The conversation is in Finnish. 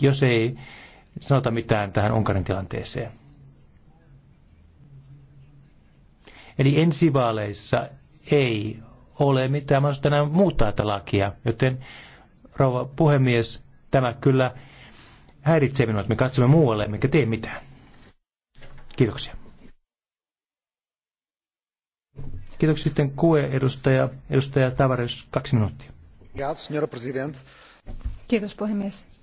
jos ei sanota mitään tähän Unkarin tilanteeseen. Eli ensivaaleissa ei ole mitään mahdollisuutta enää muuttaa tätä lakia, joten rouva puhemies, tämä kyllä häiritsee minua, että me katsomme muualle emmekä tee mitään. Kiitoksia. Kiitoksia sitten kue edustaja, edustaja Tavares, kaksi minuuttia. Kiitos puhemies.